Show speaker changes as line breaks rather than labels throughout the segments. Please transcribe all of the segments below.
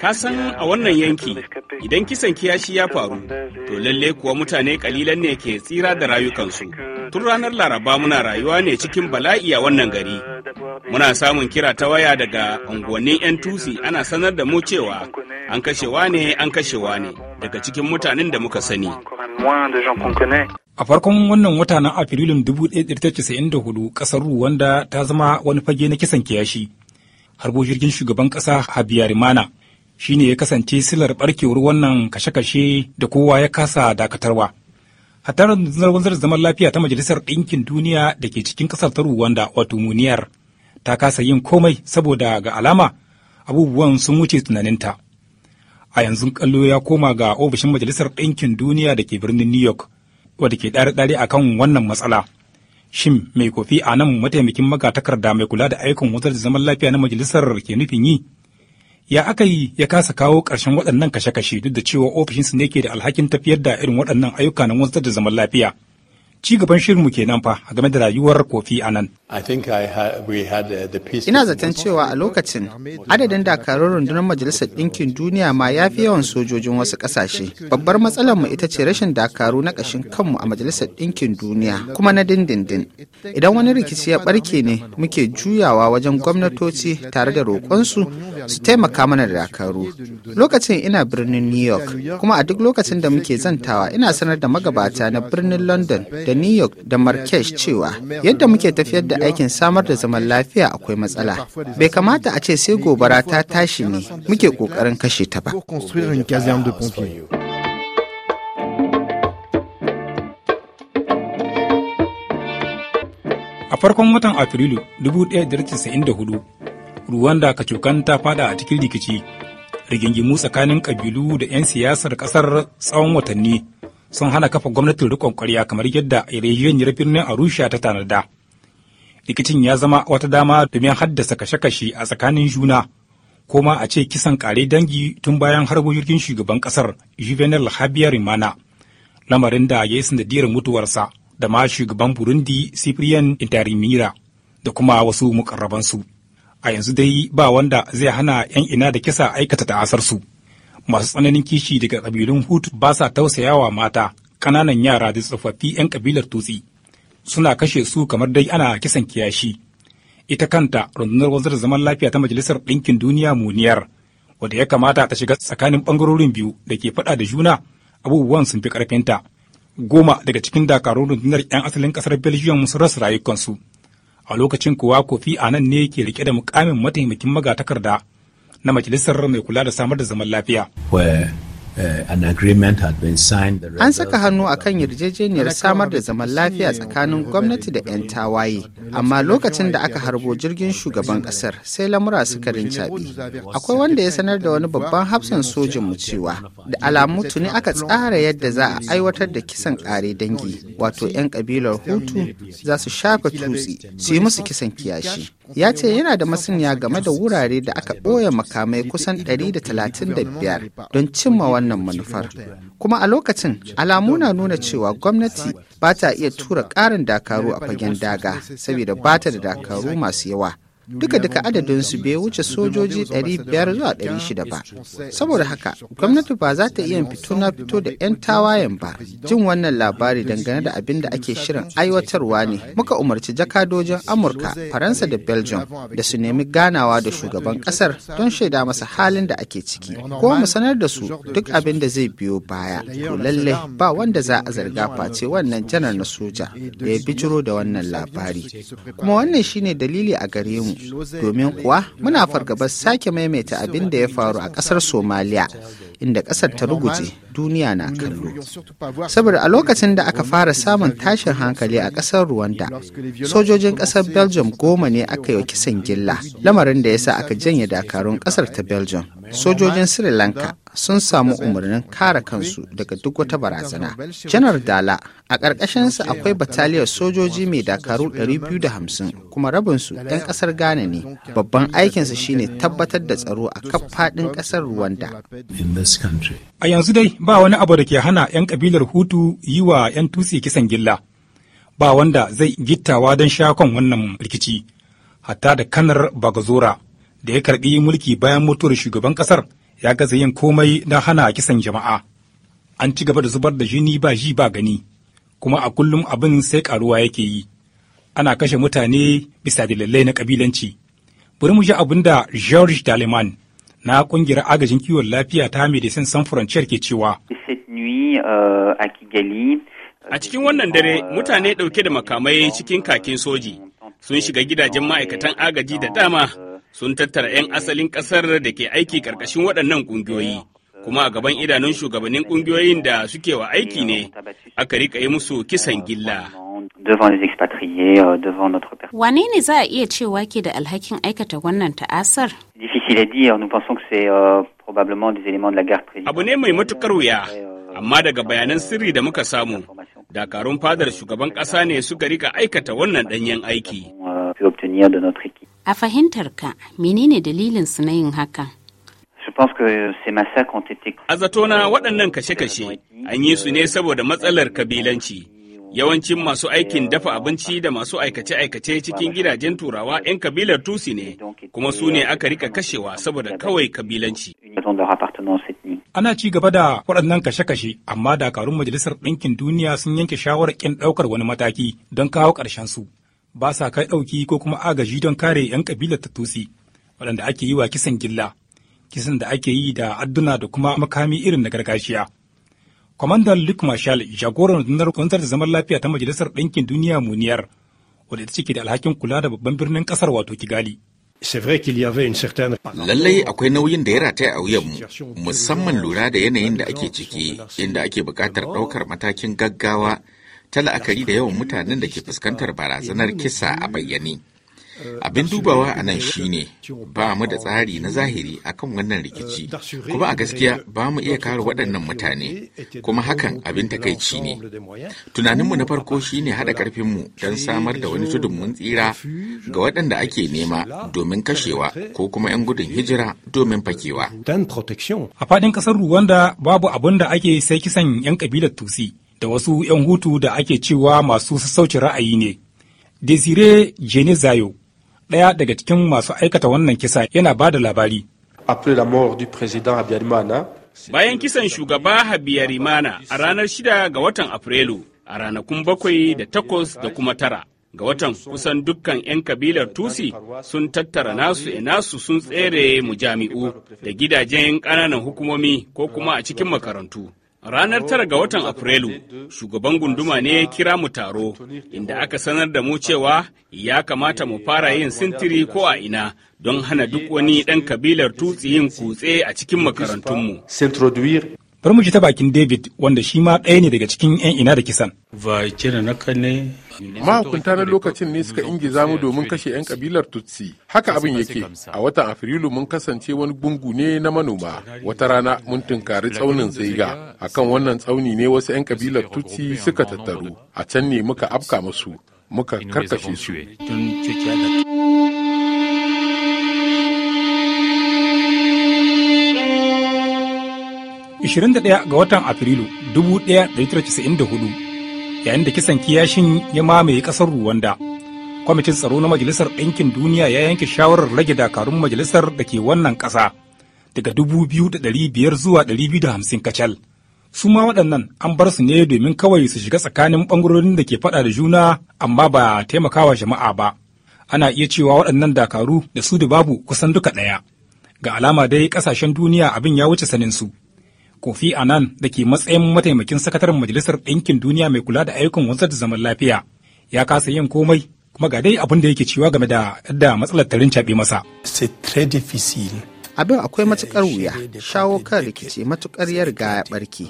Ka san a wannan yanki idan kisan kiyashi ya faru, to lalle kuwa mutane kalilan ne ke tsira da rayukansu. Tun ranar Laraba muna rayuwa ne cikin bala'i a wannan gari. Euh, muna samun kira ta waya euh, daga unguwannin 'yan tusi ana sanar da mu cewa an kashewa ne an kashewa ne daga cikin mutanen da muka sani.
A farkon wannan wata na Afrilun 1994 kasar Ruwanda ta zama wani fage na kisan kiyashi. harbo jirgin shugaban ƙasa habiyarimana shi ne ya kasance silar barkewar wannan kashe-kashe da kowa ya kasa dakatarwa hatar rundunar wanzar zaman lafiya ta majalisar ɗinkin duniya da ke cikin ƙasar ta ruwanda wato muniyar ta kasa yin komai saboda ga alama abubuwan sun wuce tunaninta a yanzu kallo ya koma ga ofishin majalisar ɗinkin duniya da ke birnin new york wadda ke ɗare-ɗare akan wannan matsala Shin mai kofi a nan mataimakin magatakarda mai kula da aikin wutar da zaman lafiya na majalisar ke nufin yi? Ya aka yi ya kasa kawo ƙarshen waɗannan kashe-kashe duk da cewa ofishinsu ne ke da alhakin tafiyar da irin waɗannan ayyuka na wutar da zaman lafiya. ci
gaban shirinmu kenan fa a game da rayuwar kofi a nan. Uh, ina zaton cewa a lokacin adadin dakarun rundunar Majalisar Ɗinkin Duniya ma ya fi yawan sojojin wasu ƙasashe. Babbar matsalar mu ita ce rashin dakaru na ƙashin kanmu a Majalisar Ɗinkin Duniya kuma na dindindin. Idan wani rikici ya ɓarke ne muke juyawa wajen gwamnatoci tare da roƙonsu su taimaka mana da dakaru. Lokacin ina birnin New York kuma a duk lokacin da muke zantawa ina sanar da magabata na birnin London da New York da Marrakesh cewa yadda muke tafiyar da aikin samar da zaman lafiya akwai matsala. Bai kamata a ce sai gobara ta tashi ne muke kokarin kashe ta ba.
A farkon watan Afrilu 1994, Ruwanda kacokan ta fada a cikin rikici, rigingimu tsakanin kabilu da 'yan siyasar kasar tsawon watanni. sun hana kafa gwamnatin rikon kwarya kamar yadda yarjejeniyar birnin Arusha ta tanada. Rikicin ya zama wata dama domin haddasa kashe-kashe a tsakanin juna, ko ma a ce kisan kare dangi tun bayan harbo jirgin shugaban kasar Juvenal Habiyar mana. lamarin da ya yi sanadiyar mutuwarsa da ma shugaban Burundi Cyprien Intarimira da kuma wasu mukarrabansu. A yanzu dai ba wanda zai hana 'yan ina da kisa aikata ta'asarsu. masu tsananin kishi daga ƙabilun hutu ba sa tausayawa mata ƙananan yara da tsofaffi 'yan ƙabilar tutsi suna kashe su kamar dai ana kisan kiyashi ita kanta rundunar wanzar zaman lafiya ta majalisar ɗinkin duniya muniyar wadda ya kamata ta shiga tsakanin ɓangarorin biyu da ke faɗa da juna abubuwan sun fi ƙarfinta goma daga cikin dakarun rundunar 'yan asalin ƙasar belgium sun rasa rayukansu a lokacin kuwa kofi a nan ne ke rike da
mukamin mataimakin
magatakarda na majalisar mai kula da samar da zaman lafiya.
Uh, an
saka hannu a kan yarjejeniyar samar da zaman lafiya tsakanin gwamnati da 'yan tawaye, amma lokacin da aka harbo jirgin shugaban kasar sai lamura suka rincaɓe. Akwai wanda ya sanar da wani babban hafsan sojin mu cewa da alamu tuni aka tsara yadda za a aiwatar da kisan ƙare dangi, wato 'yan kabilar Hutu za su shafa tutsi su yi musu kisan kiyashi. Ya ce yana da masaniya game da wurare da aka ɓoye makamai kusan 135 don cimma wannan wannan manufar. Kuma a lokacin alamu na nuna cewa gwamnati ba ta iya tura ƙarin dakaru a fagen daga saboda ba ta da dakaru masu yawa. duka duka adadin su bai wuce sojoji 500 zuwa 600 ba saboda haka gwamnati ba za ta iya fito na fito da 'yan tawayen ba jin wannan labari dangane da abin da ake shirin aiwatarwa ne muka umarci jakadojin amurka faransa da belgium da su nemi ganawa da shugaban kasar don shaida masa halin da ake ciki ko mu sanar da su duk abin da zai biyo baya ko lallai ba wanda za a zarga face euh, wannan janar na soja da ya bijiro da wannan labari kuma wannan shine dalili a gare mu domin kuwa muna fargabar sake maimaita abin da ya faru a ƙasar somaliya inda ƙasar ta ruguje duniya na kallo saboda a lokacin da aka fara samun tashin hankali a ƙasar rwanda sojojin ƙasar belgium goma ne aka yi kisan gilla lamarin da ya sa aka janye dakarun ƙasar ta belgium sojojin sri lanka sun samu umarnin kare kansu daga duk wata barazana. Janar Dala a ƙarƙashinsa akwai bataliyar sojoji mai dakaru 250 kuma rabinsu 'yan ƙasar Ghana ne. Babban aikinsa shine tabbatar da tsaro a kan faɗin ƙasar Rwanda.
A yanzu dai ba wani abu da ke hana 'yan kabilar Hutu yi wa 'yan tutsi kisan gilla. Ba wanda zai gittawa don shakon wannan rikici, hatta da kanar Bagazora da ya karɓi mulki bayan mutuwar shugaban ƙasar ya gaza yin komai don hana kisan jama'a an ci gaba da zubar da jini ba ji ba gani kuma a kullum abin sai karuwa yake yi ana kashe mutane bisa dalilai na kabilanci bari mu ji abin da george daleman na kungiyar agajin kiwon lafiya ta medecin san frontier ke cewa
euh, euh, a cikin wannan dare mutane ɗauke da makamai cikin kakin soji sun shiga gidajen ma'aikatan agaji da dama sun tattara 'yan asalin ƙasar da ke aiki karkashin waɗannan ƙungiyoyi kuma a gaban idanun shugabannin ƙungiyoyin da suke wa aiki ne aka rika yi musu kisan gilla.
Euh, Wane ne za a iya cewa ke da alhakin aikata wannan ta'asar? Euh,
Abu ne mai matuƙar wuya, amma daga bayanan sirri da muka samu, dakarun fadar shugaban ƙasa ne suka rika aikata wannan ɗanyen aiki.
A ka menene dalilin su na yin hakan?
A zatona waɗannan kashe-kashe an yi su ne saboda matsalar kabilanci. Yawancin masu aikin dafa abinci da masu aikace-aikace cikin gidajen turawa 'yan kabilar Tusi ne, kuma su ne aka rika kashewa saboda kawai kabilanci. Ana ci gaba
da waɗannan kashe-kashe, amma dakarun Majalisar Ɗinkin Duniya sun yanke shawarar ƙin ɗaukar wani mataki don kawo ƙarshen su. ba sa kai ɗauki ko kuma agaji don kare 'yan kabilar ta tutsi waɗanda ake yi wa kisan gilla kisan da ake yi da adduna da kuma makami irin na gargajiya. Kwamandan Luke Marshall jagoran rundunar kwanzar da zaman lafiya ta Majalisar Ɗinkin Duniya Muniyar, wadda ita ke da alhakin kula da babban birnin ƙasar wato Kigali. Lallai
akwai nauyin da ya rataya a wuyanmu, musamman lura da yanayin da ake ciki, inda ake buƙatar ɗaukar matakin gaggawa ta la'akari da yawan mutanen da ke fuskantar barazanar kisa a bayyane. Abin dubawa a nan shine ba mu da tsari na zahiri akan wannan rikici, kuma a gaskiya ba mu iya kare waɗannan mutane, kuma hakan abin takaici ne. Tunaninmu na farko shine haɗa ƙarfinmu don samar da wani tudun mun tsira ga waɗanda ake nema domin kashewa ko kuma 'yan gudun hijira domin fakewa.
A faɗin ƙasar Ruwanda babu abin da ake sai kisan 'yan ƙabilar Tusi. da wasu 'yan hutu da ake cewa masu sassauci ra'ayi ne. Desire Genezayo, ɗaya daga cikin masu aikata wannan kisa yana ba da labari.
Bayan kisan shugaba Habiyarimana a ranar shida ga watan Afrilu, a ranakun bakwai da takwas da kuma tara. Ga watan kusan dukkan 'yan kabilar Tusi sun tattara nasu e nasu sun tsere mu jami'u da gidajen ƙananan hukumomi ko kuma a cikin makarantu. Ranar tara ga watan Afrilu, shugaban gunduma ne ya kira mu taro, inda aka sanar da mu cewa ya kamata mu fara yin sintiri ko a ina don hana duk wani ɗan kabilar tutsi yin kutse a cikin makarantunmu.
bar mu ji ta bakin David wanda shi ma ɗaya ne daga cikin 'yan ina da kisan.
Ba kira na
ne
mahukunta na lokacin ne suka inge mu domin kashe 'yan kabilar tutsi haka abin yake a watan afrilu mun kasance wani gungu ne na manoma wata rana mun tunkari tsaunin zaiga akan wannan tsauni ne wasu 'yan kabilar tutsi suka tattaru a can ne muka afka
musu muka karkashe su
ɗaya ga watan afrilu 1994 yayin da kisan kiyashin ya mamaye ƙasar ruwanda kwamitin tsaro na majalisar ɗinkin duniya ya yanke shawarar rage dakarun majalisar da ke wannan ƙasa daga dubu biyu biyar zuwa hamsin kacal su ma waɗannan an bar su ne domin kawai su shiga tsakanin ɓangarorin da ke faɗa da juna amma ba taimakawa jama'a ba ana iya cewa waɗannan dakaru da su da babu kusan duka ɗaya ga alama dai ƙasashen duniya abin ya wuce sanin su Kofi Annan da ke matsayin mataimakin sakataren Majalisar Ɗinkin Duniya mai kula da ayyukan wanzar da zaman lafiya ya kasa yin komai kuma ga dai abin da yake cewa game da yadda matsalar tarin caɓe masa.
C'est très abin akwai matukar wuya shawo kan rikici matukar ya riga ya barke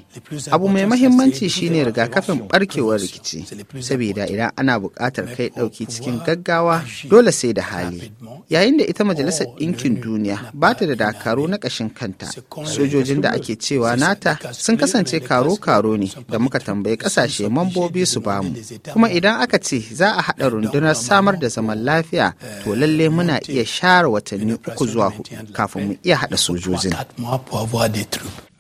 abu mai mahimmanci shine rigakafin barkewar rikici saboda idan ana bukatar kai ɗauki cikin gaggawa dole sai da hali yayin da ita majalisar ɗinkin duniya ba ta da dakaru na ƙashin kanta sojojin da ake cewa nata sun kasance karo-karo ne da muka tambayi ƙasashe mambobi su bamu kuma idan aka ce za a haɗa rundunar samar da zaman lafiya to lalle uh, muna iya share watanni uku zuwa hudu kafin mu iya haɗa sojojin.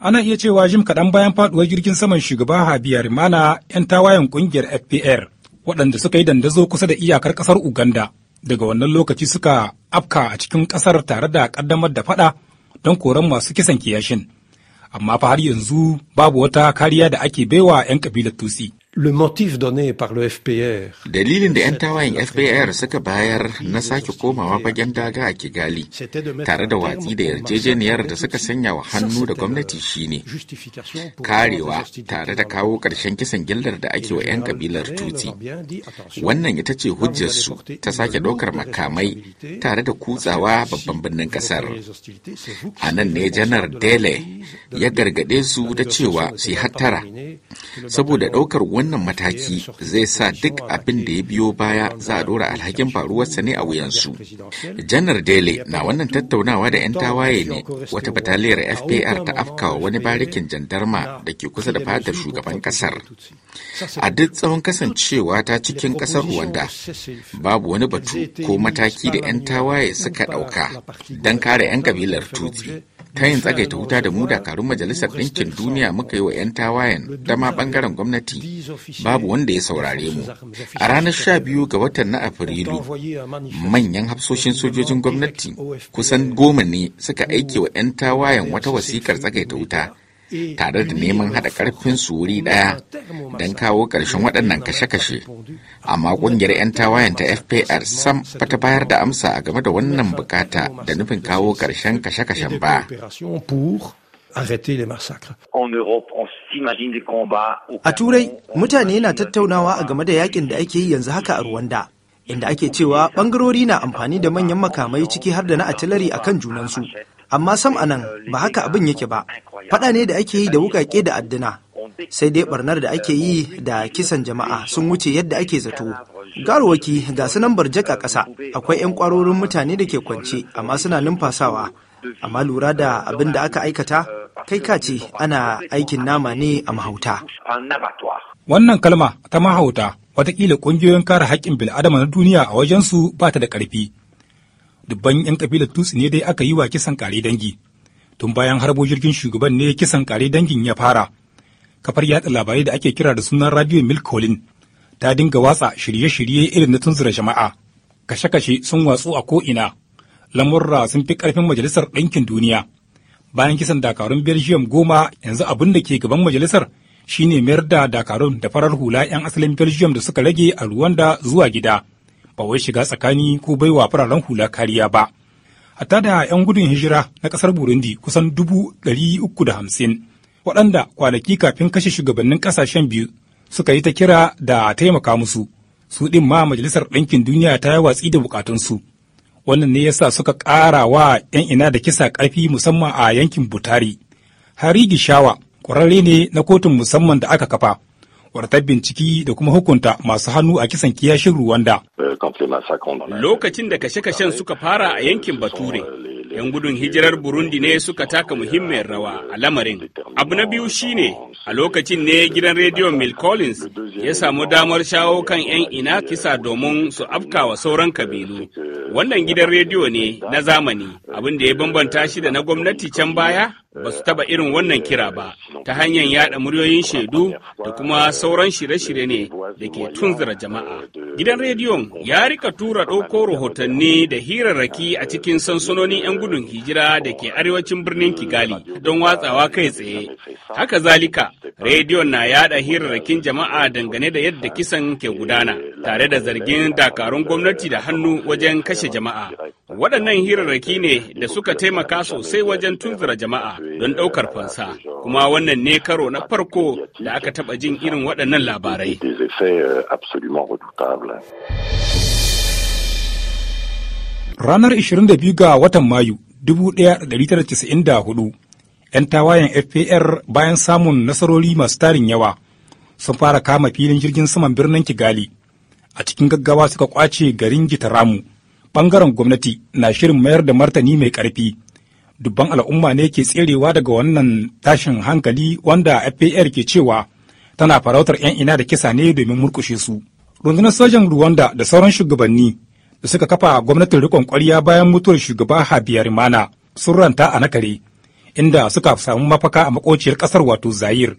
Ana iya cewa jim kaɗan bayan faɗuwar jirgin saman shugaba habiyarimana mana 'yan tawayen ƙungiyar FPR waɗanda suka yi dandazo kusa da iyakar ƙasar Uganda daga wannan lokaci suka afka a cikin ƙasar tare da ƙaddamar da faɗa don koran masu kisan kiyashin. Amma fa har yanzu babu wata kariya da ake baiwa 'yan ƙabilar Tutsi. le motif donné par le FPR.
Dalilin da 'yan tawayen FPR suka bayar na sake komawa fagen daga a Kigali tare da watsi da yarjejeniyar da suka sanya wa hannu da euh, gwamnati shine karewa tare da kawo ƙarshen kisan gillar da ake wa 'yan kabilar Tutsi. Wannan ita ce hujjarsu ta sake ɗaukar makamai tare da kutsawa babban birnin ƙasar. A nan ne Janar Dele ya gargaɗe su da cewa su yi hattara saboda ɗaukar wannan mataki zai sa duk abin da ya biyo baya za a dora alhakin faruwarsa ne a wuyansu janar dele na wannan tattaunawa da 'yan tawaye ne wata bataliyar fpr ta afkawa wani barikin jandarma da ke kusa da fatar shugaban kasar a duk tsawon kasancewa ta cikin kasar rwanda babu wani batu ko mataki da 'yan tawaye suka ɗauka don kare 'yan kabilar tutsi ta yin tsagaita wuta da mu dakarun majalisar ɗinkin duniya muka yi wa 'yan tawayen da ma ɓangaren gwamnati babu wanda ya saurare mu a ranar sha biyu ga watan na afrilu manyan hafsoshin sojojin gwamnati kusan goma ne suka aike wa 'yan tawayen wata wasikar tsagaita wuta tare da neman haɗa ƙarfin su wuri ɗaya don kawo ƙarshen waɗannan kashe-kashe amma ƙungiyar 'yan tawayen ta fpr sam bata bayar da amsa a game da wannan bukata da nufin kawo ƙarshen kashe-kashen ba A
Turai, mutane na tattaunawa a game da yakin da ake yi yanzu haka a Rwanda, inda ake cewa ɓangarori na amfani da manyan makamai ciki har da na atilari a kan junansu, amma sam anan ba haka abin yake ba faɗa ne da ake yi da wukake da adduna sai dai barnar da ake yi da kisan jama'a sun wuce yadda ake zato garwaki ga su nan barjaka ƙasa akwai 'yan kwarorin mutane da ke kwance amma suna numfasawa amma lura da abin da aka aikata kai ka ce ana
aikin nama ne a mahauta wannan kalma ta mahauta wataƙila ƙungiyoyin kare haƙƙin bil'adama na duniya a wajensu ba ta da ƙarfi dubban 'yan kabilar tutsi ne dai aka yi wa kisan kare dangi tun bayan harbo jirgin shugaban ne kisan kare dangin ya fara kafar yatsa labarai da ake kira da sunan radio milk colin ta dinga watsa shirye-shirye irin na tunzura jama'a kashe-kashe sun watsu a ko'ina lamurra sun fi karfin majalisar ɗinkin duniya bayan kisan dakarun belgium goma yanzu abin da ke gaban majalisar shine mayar da dakarun da farar hula 'yan asalin belgium da suka rage a ruwanda zuwa gida ba wai shiga tsakani ko baiwa fararen hula kariya ba. Hatta da 'yan gudun hijira na ƙasar Burundi kusan dubu ɗari uku da hamsin, waɗanda kwanaki kafin kashe shugabannin ƙasashen biyu suka yi ta kira da taimaka musu, su ɗin ma Majalisar Ɗinkin Duniya ta yi watsi da buƙatunsu. Wannan ne yasa suka ƙara wa 'yan ina da kisa ƙarfi musamman a yankin Butari. Hari Gishawa, ƙwararre ne na kotun musamman da aka kafa wartar binciki da kuma hukunta masu hannu a kisan kiyashin ruwan da.
Lokacin da kashe-kashen suka fara a yankin Bature, 'yan gudun hijirar burundi ne suka taka muhimmiyar rawa a lamarin abu na biyu shine a lokacin ne gidan rediyon mill collins ya samu damar shawo kan 'yan ina kisa domin su afkawa sauran kabilu wannan gidan rediyo ne na zamani abin da ya bambanta shi da na gwamnati can baya ba su taba irin wannan kira ba ta hanyar yada muryoyin shaidu da kuma sauran shirye-shirye ne da ke tunzura jama'a gidan rediyon ya rika tura ɗauko rahotanni da hirarraki a cikin sansunonin 'yan gudun hijira da ke arewacin birnin Kigali don watsawa kai tsaye. Haka zalika, rediyon na yada hirarrakin jama'a dangane da yadda kisan ke gudana, tare da zargin dakarun gwamnati da hannu wajen kashe jama'a. Waɗannan hirarraki ne da suka taimaka sosai wajen tunzura jama'a don ɗaukar fansa, kuma wannan ne karo na farko da aka taɓa jin irin waɗannan labarai.
Ranar 22 ga watan Mayu 1994, 'yan tawayen FPR bayan samun nasarori masu tarin yawa sun fara kama filin jirgin saman birnin Kigali. A cikin gaggawa suka kwace garin Gitaramu. ɓangaren gwamnati na shirin mayar da martani mai ƙarfi. Dubban al'umma ne ke tserewa daga wannan tashin hankali wanda FPR ke cewa tana farautar 'yan ina da kisa ne domin murkushe su. Rundunar sojan ruwanda da sauran shugabanni da suka kafa gwamnatin rikon ƙwarya bayan mutuwar shugaba habiyar mana sun ranta a nakare inda suka samu mafaka a makociyar ƙasar wato zayir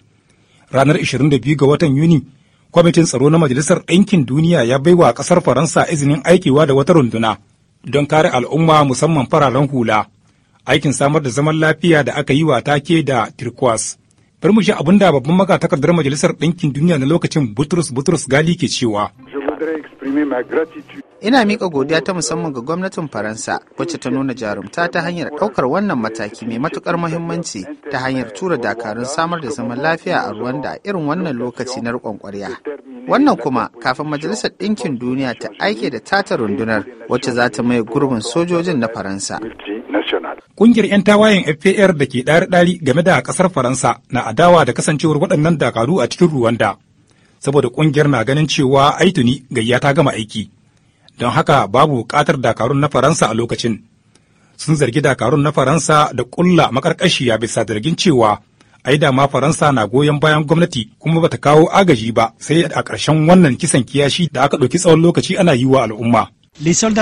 ranar 22 ga watan yuni kwamitin tsaro na majalisar ɗinkin duniya ya baiwa ƙasar faransa izinin aikewa da wata runduna don kare al'umma musamman fararen hula aikin samar da zaman lafiya da aka yi wa take da turquoise bari shi abin da babban magatakardar majalisar ɗinkin duniya na lokacin butrus butrus gali ke cewa
ina mika godiya ta musamman ga gwamnatin faransa wacce ta nuna jarumta ta hanyar ɗaukar wannan mataki mai matukar muhimmanci ta hanyar tura dakarun samar da zaman lafiya a ruwanda a irin wannan lokaci na riƙon ƙwarya wannan kuma kafin majalisar ɗinkin duniya ta aike da tata rundunar wacce za ta maye gurbin sojojin na faransa
Kungiyar 'yan tawayen FPR da ke ɗari-ɗari game da ƙasar Faransa na adawa da kasancewar waɗannan dakaru a cikin Ruwanda, saboda kungiyar na ganin cewa aituni gayya ta gama aiki. don haka babu bukatar dakarun na faransa a lokacin sun zargi dakarun na faransa da ƙulla ya bisa zargin cewa ai da ma faransa na goyon bayan gwamnati kuma bata kawo agaji ba sai a ƙarshen wannan kisan kiyashi da aka ɗauki tsawon lokaci ana yi al'umma Sojan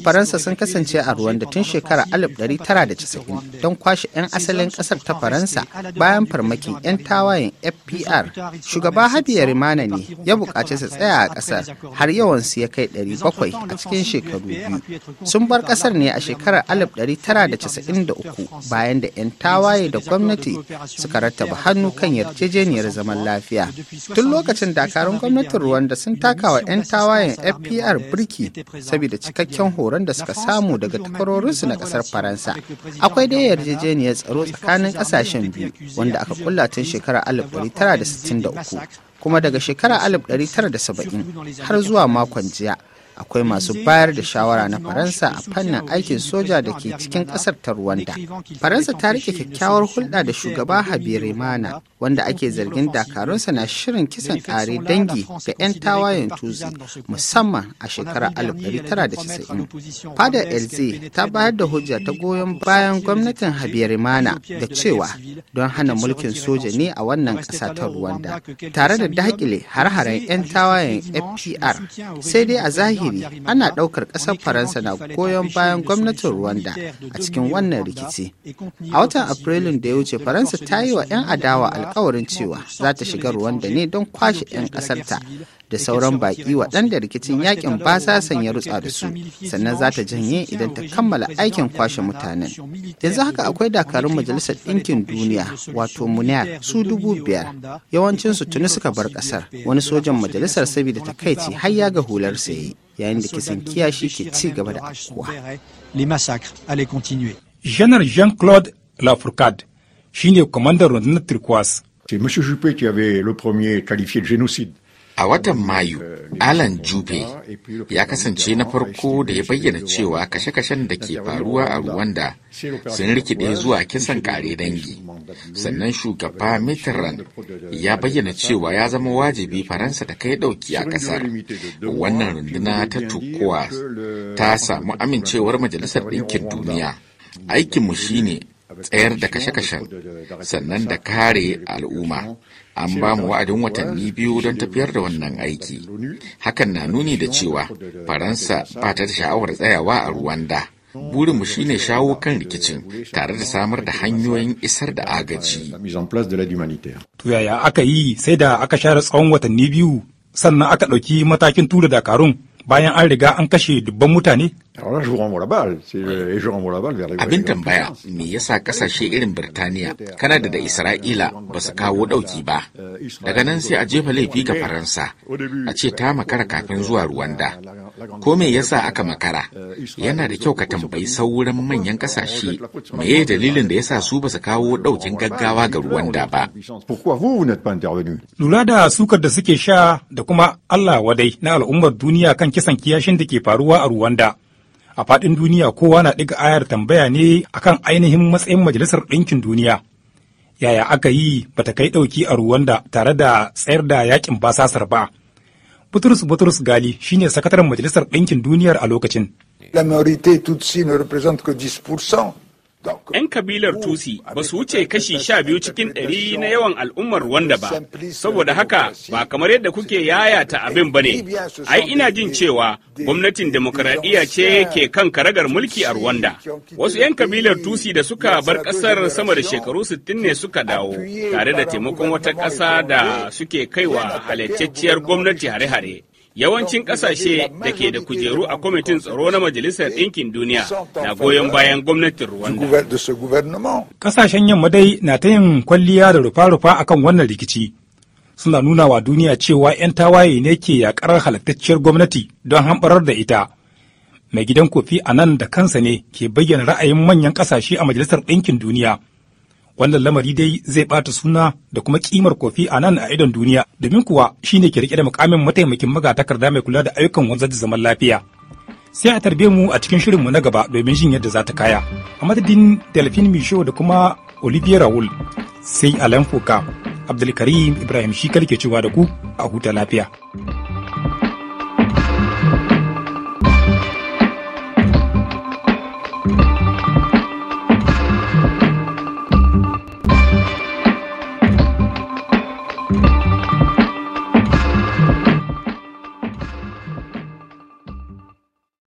Faransa sun kasance a Rwanda tun shekara 1990 don kwashe 'yan asalin kasar ta Faransa bayan farmakin 'yan tawayen FPR. Shugaba Habiyar ne ya bukaci su tsaya a kasar har yawansu ya kai 700 a cikin shekaru biyu. Sun bar kasar ne a shekarar 1993 bayan da 'yan tawaye da gwamnati suka rattaba hannu kan yarjejeniyar zaman lafiya. Tun lokacin dakarun gwamnatin Rwanda sun taka wa 'yan tawaye tawayen fpr birki saboda cikakken horon da suka samu daga takwarorinsu na kasar faransa akwai dai yarjejeniyar tsaro tsakanin kasashen biyu wanda aka kulla tun shekarar 1963 kuma daga shekarar 1970 har zuwa makon jiya akwai masu bayar da shawara na faransa a fannin aikin soja da ke cikin kasar ta ruwanda faransa ta rike kyakkyawar hulɗa da shugaba habire mana wanda ake zargin dakarunsa na shirin kisan kare dangi ga 'yan tawayen tuzi musamman a shekarar 1990 fadar elze ta bayar da hujja ta goyon bayan gwamnatin habire mana da cewa don hana mulkin soja ne a wannan ƙasa ta ruwanda tare da dakile har-haren 'yan tawayen fpr sai dai a zahiri zahiri ana ɗaukar ƙasar Faransa na goyon bayan gwamnatin Rwanda a cikin wannan rikici. A watan Afrilun da ya wuce Faransa ta yi wa 'yan adawa alkawarin cewa za ta shiga Rwanda ne don kwashe 'yan ƙasarta da sauran baƙi waɗanda rikicin yakin basasan sanya rutsa da su sannan za ta janye idan ta kammala aikin kwashe mutanen yanzu haka akwai dakarun majalisar ɗinkin duniya wato muniyar su dubu biyar yawancin su tuni suka bar ƙasar wani sojan majalisar saboda takaici har ya ga hular yi yayin da kisan kiyashi ke ci gaba da afkuwa.
janar jean-claude lafourcade
shine kwamandan rundunar turquoise C'est monsieur Juppé qui avait le premier qualifié de génocide. A watan Mayu, Alan Jupe ya kasance na farko da ya bayyana cewa kashe-kashen da ke faruwa a Rwanda sun rikide zuwa kisan kare dangi. Sannan shugaba Mitterrand ya bayyana cewa ya zama wajibi Faransa ta kai ɗauki a ƙasar. Wannan runduna ta tukuwa ta samu amincewar Majalisar Ɗinkin Duniya. Aikinmu shine tsayar da kashe-kashen sannan da kare al'umma an ba mu wa'adin watanni biyu don tafiyar da wannan aiki hakan na nuni da cewa faransa ba ta da sha'awar tsayawa a ruwanda burinmu shine shawo kan rikicin tare da samar da hanyoyin isar da agaji
to yaya aka yi sai da aka share tsawon watanni biyu sannan aka ɗauki matakin tura dakarun bayan an riga an kashe dubban mutane
Alors là, je vous renvoie la balle, euh, et je renvoie la balle vers les Abin tambaya, me yasa kasashe irin Birtaniya, Kanada da Isra'ila ba su kawo ɗauki ba. Daga nan sai a jefa laifi ga Faransa, a ce ta makara kafin zuwa Ruwanda. Ko me yasa aka makara? Yana da kyau ka tambayi sauran manyan kasashe, me ya dalilin da yasa su ba su kawo ɗaukin gaggawa ga Ruwanda ba.
Lura da sukar da suke sha da kuma Allah wadai na al'ummar duniya kan kisan kiyashin da ke faruwa a Ruwanda. a faɗin duniya kowa na ɗiga ayar tambaya ne a kan ainihin matsayin majalisar ɗinkin duniya yaya aka yi bata kai ɗauki a ruwanda tare da tsayar da yakin basasar ba butrus butrus gali shine sakataren majalisar ɗinkin duniyar a lokacin
la tutsi ne 'Yan kabilar Tusi ba su wuce kashi sha biyu cikin ɗari na yawan al'ummar Rwanda ba, saboda haka ba kamar yadda kuke yayata abin ba ne. Ai ina jin cewa gwamnatin demokaradiyya ce ke kan karagar mulki a Rwanda. Wasu 'yan kabilar Tusi da suka bar ƙasar sama da shekaru sittin ne suka dawo, tare da taimakon wata ƙasa da suke kaiwa halicciyar gwamnati hare-hare. Yawancin kasashe da ke da kujeru a kwamitin tsaro na Majalisar Ɗinkin Duniya na goyon bayan gwamnatin Rwanda.
kasashen yamma dai na ta yin kwalliya da rufa-rufa akan wannan rikici. Suna nuna wa duniya cewa 'yan tawaye ne ke yaƙar halittacciyar gwamnati don hamɓarar da ita. Mai gidan kofi a nan da kansa ne ke bayyana ra'ayin manyan kasashe a Majalisar Ɗinkin Duniya. Wannan lamari dai zai bata suna da kuma kimar kofi a nan a idon duniya domin kuwa shine ke rike da mukamin mataimakin magatakarda mai kula da ayyukan wanzar da zaman lafiya. Sai a tarbe mu a cikin shirinmu na gaba domin jin yadda za ta kaya. A madadin Delphine Michaud da kuma Olivier Raoul sai Alain Foka Abdulkarim Ibrahim shi ke cewa da ku a huta lafiya.